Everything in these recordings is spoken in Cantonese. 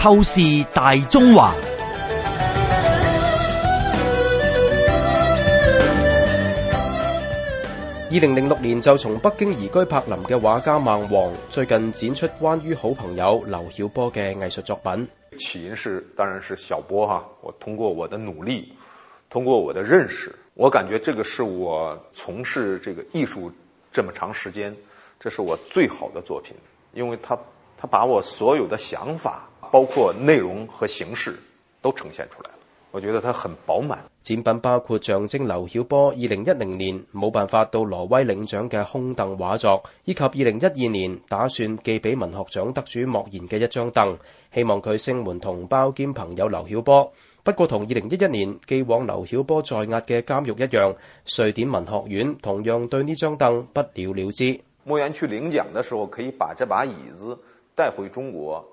透視大中華。二零零六年就從北京移居柏林嘅畫家孟煌最近展出關於好朋友劉曉波嘅藝術作品。起因是當然是小波哈、啊，我通過我的努力，通過我的認識，我感覺這個是我從事這個藝術這麼長時間，這是我最好的作品，因為他他把我所有的想法。包括內容和形式都呈現出來了，我覺得它很飽滿。展品包括象徵劉曉波二零一零年冇辦法到挪威領獎嘅空凳畫作，以及二零一二年打算寄俾文學獎得主莫言嘅一張凳，希望佢聲援同胞兼朋友劉曉波。不過同二零一一年寄往劉曉波在押嘅監獄一樣，瑞典文學院同樣對呢張凳不了了之。莫言去領獎嘅時候，可以把這把椅子帶回中國。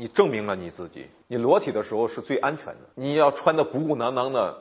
你證明了你自己。你裸體的時候是最安全的。你要穿得鼓鼓囊囊的，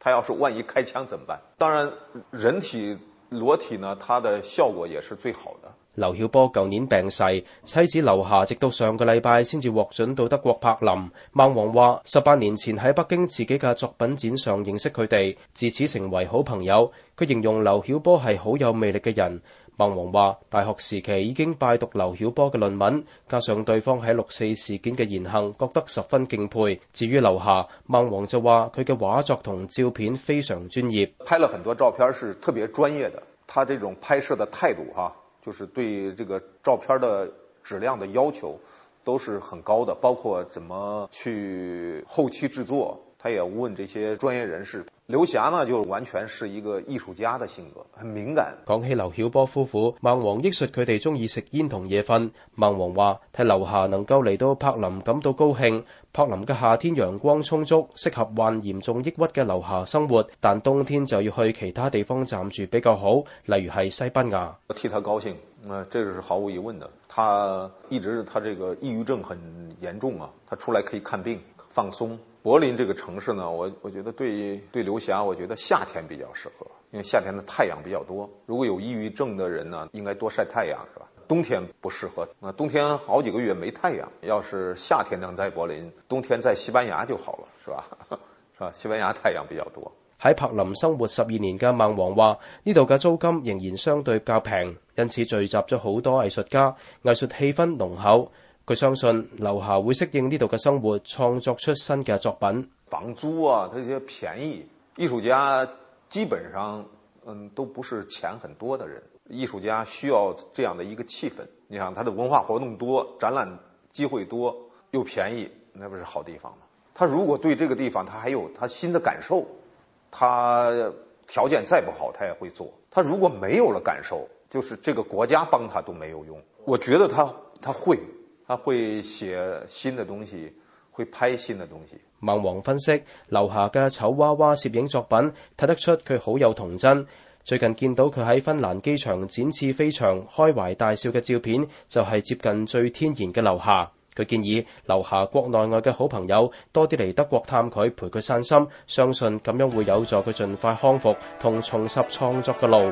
他要是萬一開槍怎麼辦？當然，人體裸體呢，它的效果也是最好的。劉曉波舊年病逝，妻子劉霞直到上個禮拜先至獲准到德國柏林。孟煌話：十八年前喺北京自己嘅作品展上認識佢哋，自此成為好朋友。佢形容劉曉波係好有魅力嘅人。孟煌話：大學時期已經拜讀劉曉波嘅論文，加上對方喺六四事件嘅言行，覺得十分敬佩。至於劉霞，孟煌就話佢嘅畫作同照片非常專業，拍了很多照片是特別專業的，他這種拍攝的態度哈，就是對這個照片的質量的要求都是很高的，包括怎麼去後期製作。他也問這些專業人士，劉霞呢，就完全是一個藝術家的性格，很敏感。講起劉曉波夫婦，孟煌亦說佢哋中意食煙同夜瞓。孟煌話：替劉霞能夠嚟到柏林感到高興。柏林嘅夏天陽光充足，適合患嚴重抑鬱嘅劉霞生活，但冬天就要去其他地方暫住比較好，例如係西班牙。我替他高興，嗯，這個是毫無疑問的。他一直他這個抑鬱症很嚴重啊，他出來可以看病放鬆。柏林這個城市呢，我我覺得對對劉霞，我覺得夏天比較適合，因為夏天的太陽比較多。如果有抑鬱症的人呢，應該多曬太陽，是吧？冬天不適合，那冬天好幾個月沒太陽。要是夏天能在柏林，冬天在西班牙就好了，是吧？是吧？西班牙太陽比較多。喺柏林生活十二年嘅孟煌話，呢度嘅租金仍然相對較平，因此聚集咗好多藝術家，藝術氣氛濃厚。佢相信劉霞會適應呢度嘅生活，創作出新嘅作品。房租啊，這些便宜。藝術家基本上，嗯，都不是錢很多的人。藝術家需要這樣的一個氣氛。你想，他的文化活動多，展覽機會多，又便宜，那不是好地方嗎？他如果對這個地方，他還有他新的感受，他條件再不好，他也會做。他如果沒有了感受，就是這個國家幫他都沒有用。我覺得他，他會。他會寫新的東西，會拍新的東西。孟煌分析，劉霞嘅醜娃娃攝影作品，睇得出佢好有童真。最近見到佢喺芬蘭機場展翅飛翔、開懷大笑嘅照片，就係、是、接近最天然嘅劉霞。佢建議劉霞國內外嘅好朋友多啲嚟德國探佢，陪佢散心，相信咁樣會有助佢盡快康復同重拾創作嘅路。